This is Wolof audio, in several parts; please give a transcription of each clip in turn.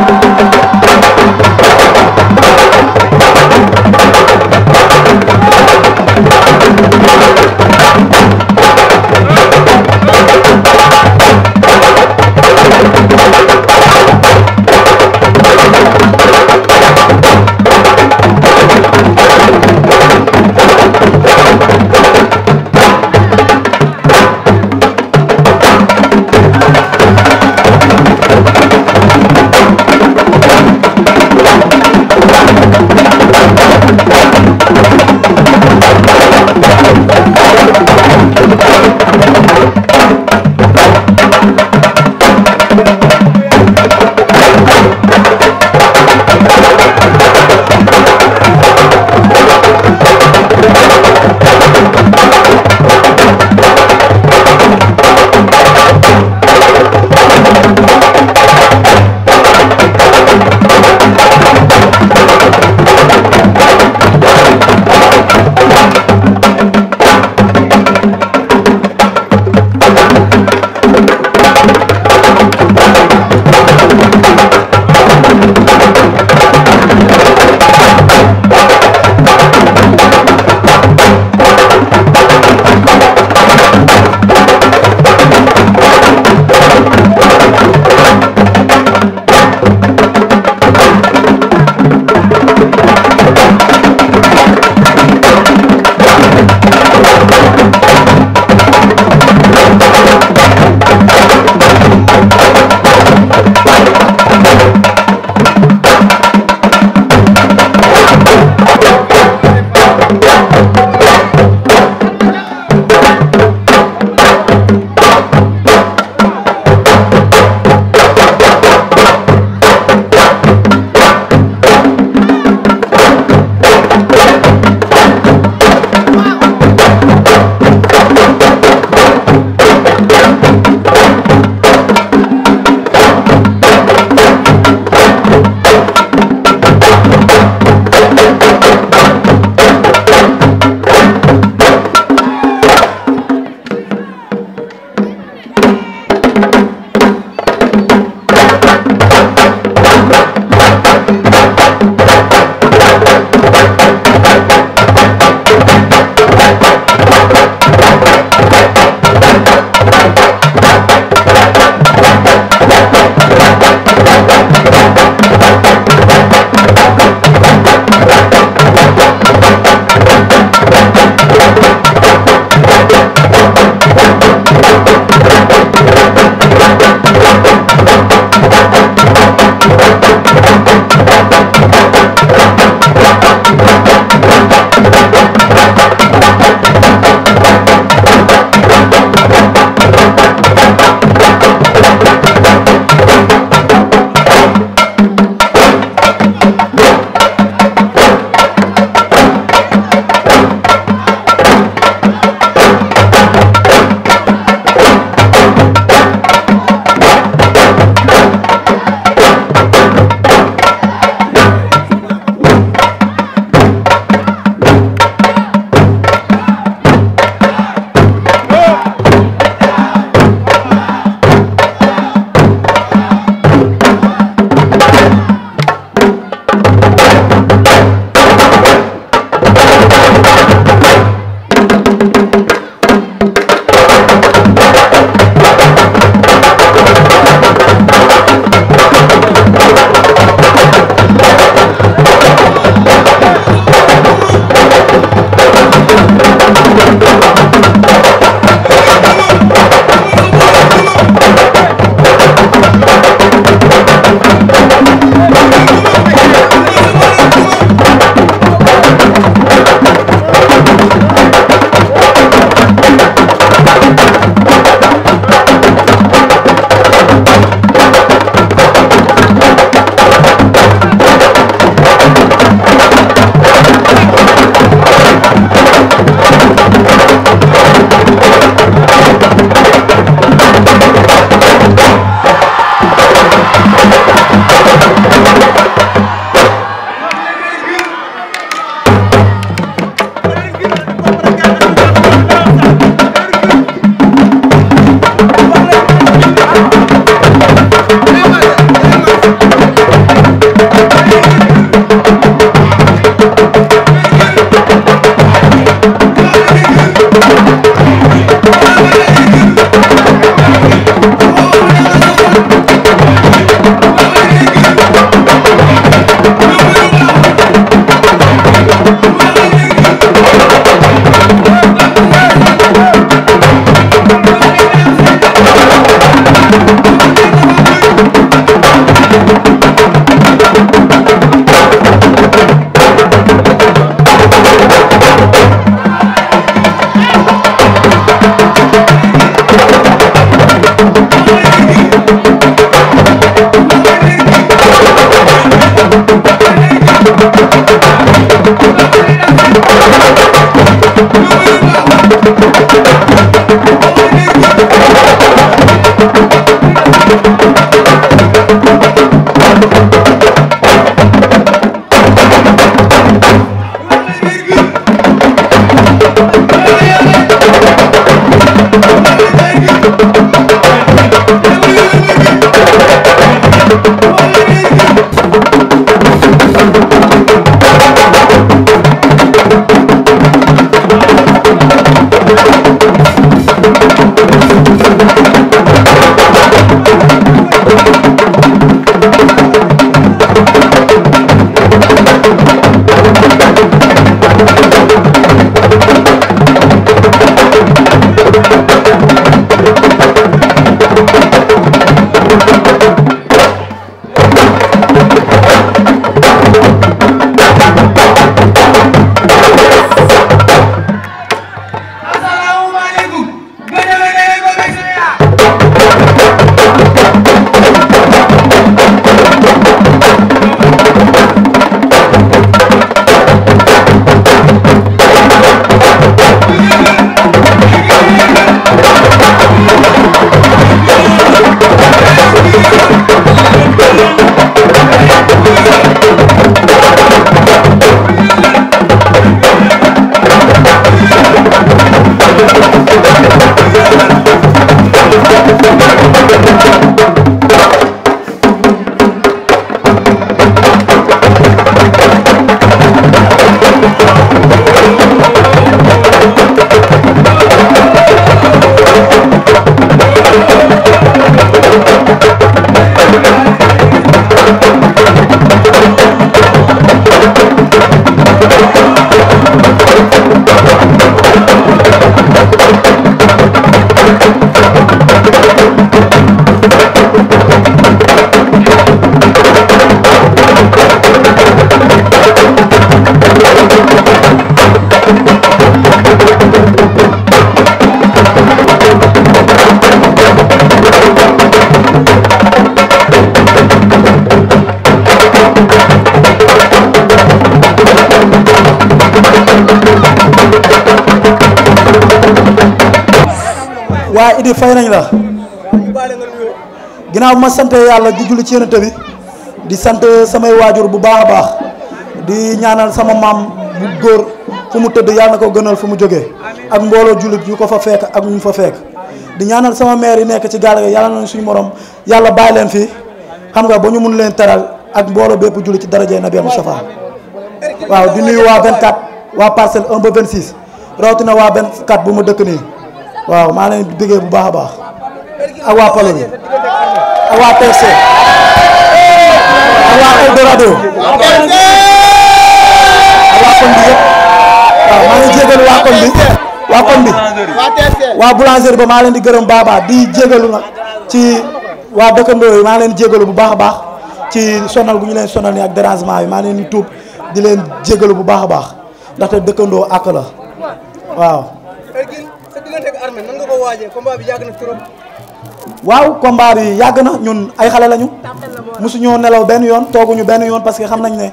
Thank you. waa Idi fay nañ la. ginnaaw ma sant yàlla di julli ci yonent bi di sant samay waajur bu baax a baax di ñaanal sama maam bu góor fu mu tëdd yàlla na ko gënal fu mu jógee ak mbooloo jullit yu ko fa fekk ak ñu fa fekk. di ñaanal sama meer yi nekk ci gaal yàlla nañ suñu morom yàlla bàyyi leen fi xam nga ba ñu mun leen taral ak mbooloo bépp julli ci daraja Nabi Mustafa waaw di nuyu waa 24 waa parcelle 1 ba 26 rawatina waa 24 bu ma dëkk nii. waaw maa leen di bu baax a baax ak waa bi ak waa PFC ak waa Eldorado ak waa bi yëpp waaw maa ngi jégalu bi waa bi maa leen di gërëm baax a baax di jégalu nag ci waa dëkkandoo yi leen di bu baax a baax ci sonal bu ñu leen sonal ni ak dérangement bi maa leen di tuub di leen jégalu bu baax a baax ndaxte dëkkandoo ak la waaw. diggante ak armée nan nga ko waajee combat bi yàgg na trop. waaw combat bi yàgg na ñun ay xale lañu. mosuñoo nelaw benn yoon ñu benn yoon parce que xam nañ ne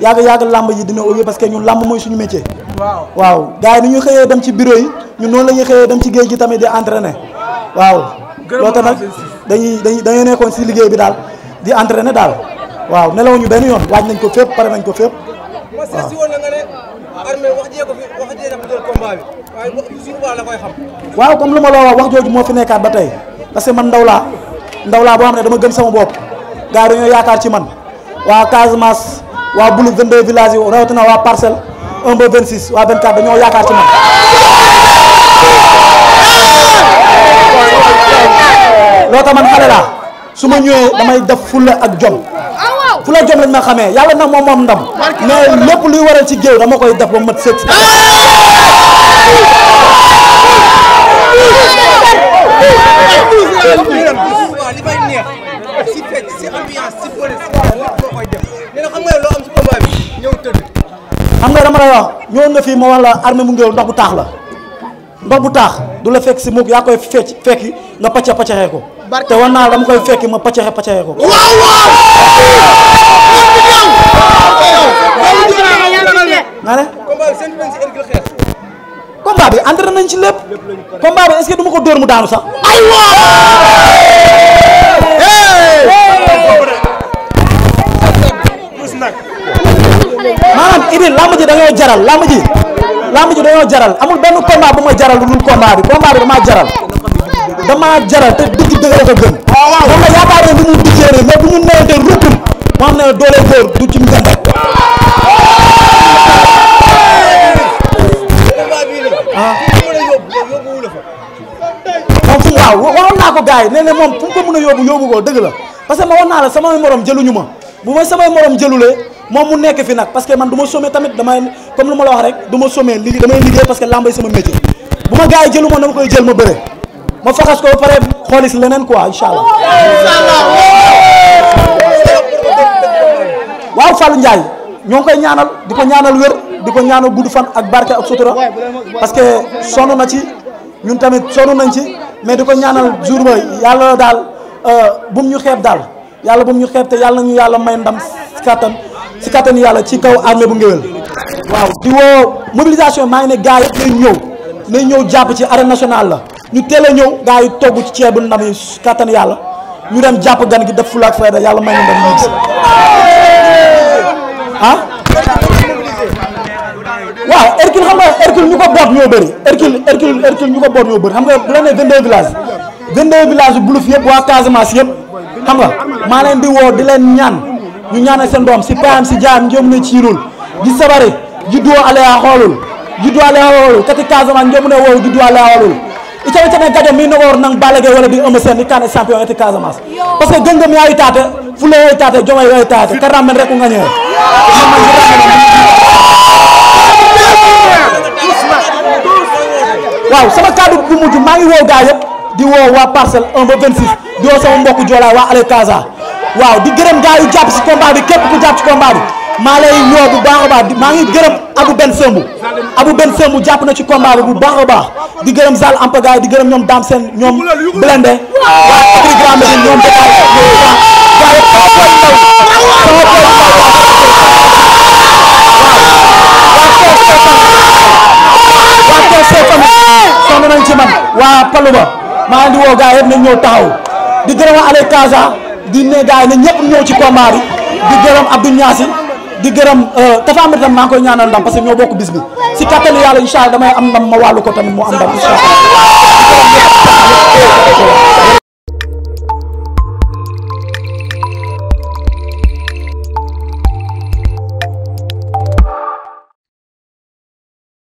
yàgg yàgg làmb yi dina ëllëg parce que ñun làmb mooy suñu métier. waaw waaw yi ni ñuy xëyee dem ci bureau yi ñun noonu la ñuy xëyee dem ci géej gi tamit di entraîner. waaw loolu tamit dañuy dañuy dañoo nekkoon si liggéey bi daal di entraîner daal waaw nelawuñu benn yoon waaj nañ ko fépp pare nañ ko fépp waaw. na ko fi wax jee waaw comme lu ma la wax jooju moo fi nekkaat ba tey parce que man ndaw laa ndaw boo xam ne dama gëm sama bopp gars yi yaakaar ci man waa Casamance waa Boulouk 22 villages yi rawatina waa Parcelles 1 ba 26 waa 24 dañoo yaakaar ci man. loo tax man xale laa su ma ñëwee damay def fulla ak jom fulla ak jom lañ ma xamee yàlla nag moom moom ndam mais lépp luy waral ci géew dama koy def ba mat sëkk. waaw li may neex si fecc si ambiance si bëri si waaw lépp loo koy def nee na xam nga loo am si combat bi ñëw tëdd. xam nga dama lay wax ñëwoon nga fii ma wala armée mu ngéwél ndox bu taax la ndox bu taax du la fekk si moom yaa koy fecc fekki nga pàcce pàcceexee ko te war naa dama koy fekki ma pàcceexee pàcceexee ko. waaw waaw. nga ne. combat bi seen benn si combat bi entraîné nañ ci lépp combat bi est-ce que du ma ko dóor mu daanu sax ay waa maanaam Idy lamb ji dañoo jaral lamb ji lamb ji dañoo jaral amul benn combat bu ma jaral lu dul combat bi combat bi damaa jaral damaa jaral te dëgg dëgg ko gën dama yaakaar ne lu mu dijéere mais bu ñu newante rukkum moo xam ne doolee góor du ci ngëmba gars yi nee na moom fu mu ko mën a yóbbu yóbbu ko dëgg la parce ma wax naa la samay morom jëluñu ma bu may samay morom jëlulee moom mu nekk fi nag parce que man du ma sommé tamit damay comme lu ma la wax rek du ma liggéey parce que sama métier bu ma gars jëlu ma dama koy jël ma bëre ma faxas ko ba pare xoolis leneen quoi incha allah. waaw Fallou Ndiaye ñoo ngi koy ñaanal di ko ñaanal wér di ko ñaanal gudd fan ak barke ak sutura parce que sonn na ci ñun tamit sonn nañ ci. mais di ko ñaanal jour ba yàlla daal euh, bu mu ñu xeeb daal yàlla bu mu ñu xeeb te yàlla ñu yàlla may ndam si kattan si kattan yàlla ci kaw armée bu ngéwél waaw di woo mobilisation maa ngi ne gars yëpp ñëw nañ ñëw jàpp ci arène national la ñu teel a ñëw gars yi togg ci ceebu ndam yi kattan yàlla ñu dem jàpp gan gi def fulaak fayda yàlla may na ndam ñi Hercule ñu ko boot ñoo bëri Hercule Hercule Hercule ñu ko boot ñoo bëri xam nga bu la nee 22 villages 22 waa Casamance yëpp xam nga maa leen di woo di leen ñaan ñu ñaanal seen doom si paam si jaam ñoom ne ciirul di sabari juddoo alea xoolul juddoo xoolul kati Casamance ñoom ne woow juddoo alea xoolul ita ne gajo mi nogor nang balage wala di ëmb seen di kane champion ete Casamance parce que gëngëm yaay taate fula yaay taate joma yaay taate karamben rek waaw sama kaddu bu mujj maa ngi woo gaa yëpp di woo waa parcelle 1 ba di woo sama mbokku Joola waa Ale Casa waaw di gërëm gaa yu jàpp si combat bi ku jàpp si combat maa lay woo bu baax a baax maa ngi gërëm abu benn sëmbu abu benn sëmbu jàpp na ci combat bu baax a baax di gërëm Zal Ampagaay di gërëm ñoom Dame Sène ñoom Blende waa Agri Grand ñoom Bétail ñoom gaa yëpp sama palu ba maa ngi woo gars yëpp nañ ñëw taxaw di gërëm a Allez di ne gars yi nañ ñëw ci combat bi di gërëm Abdou Niassi di gërëm dafa na itam maa ngi koy ñaanal ndam parce que bokk bis bi si kattanu yàlla incha allah damay am ndam ma wàllu ko tamit mu am ndam incha allah